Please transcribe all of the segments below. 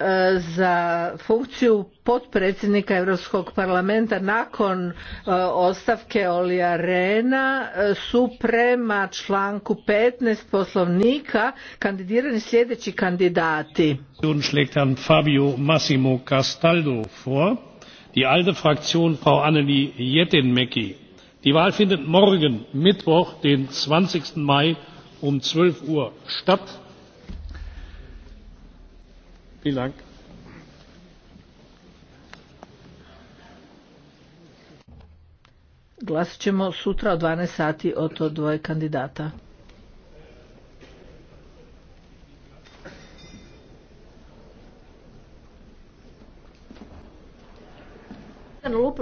E, za funkciju potpredsjednika Europskog parlamenta nakon e, ostavke Olija Rena e, su prema članku 15 poslovnika kandidirani sljedeći kandidati. schlägt Herrn Fabio Massimo Castaldo vor, die alte Fraktion Frau Anneli Jettenmecki. Die Wahl findet morgen Mittwoch, den 20. Mai um 12 Uhr statt. Vielen Glasit ćemo sutra o 12 sati o to dvoje kandidata. Hvala.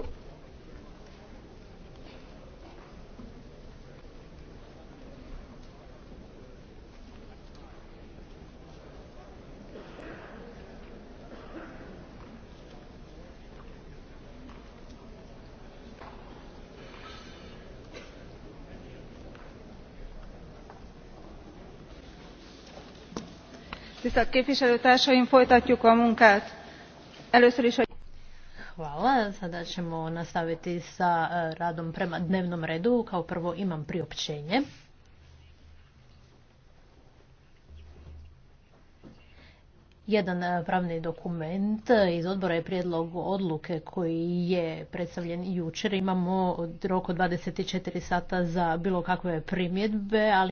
Hvala. Sada ćemo nastaviti sa e, radom prema dnevnom redu. Kao prvo imam priopćenje. Jedan e, pravni dokument e, iz odbora je prijedlog odluke koji je predstavljen jučer. Imamo rok od 24 sata za bilo kakve primjedbe, ali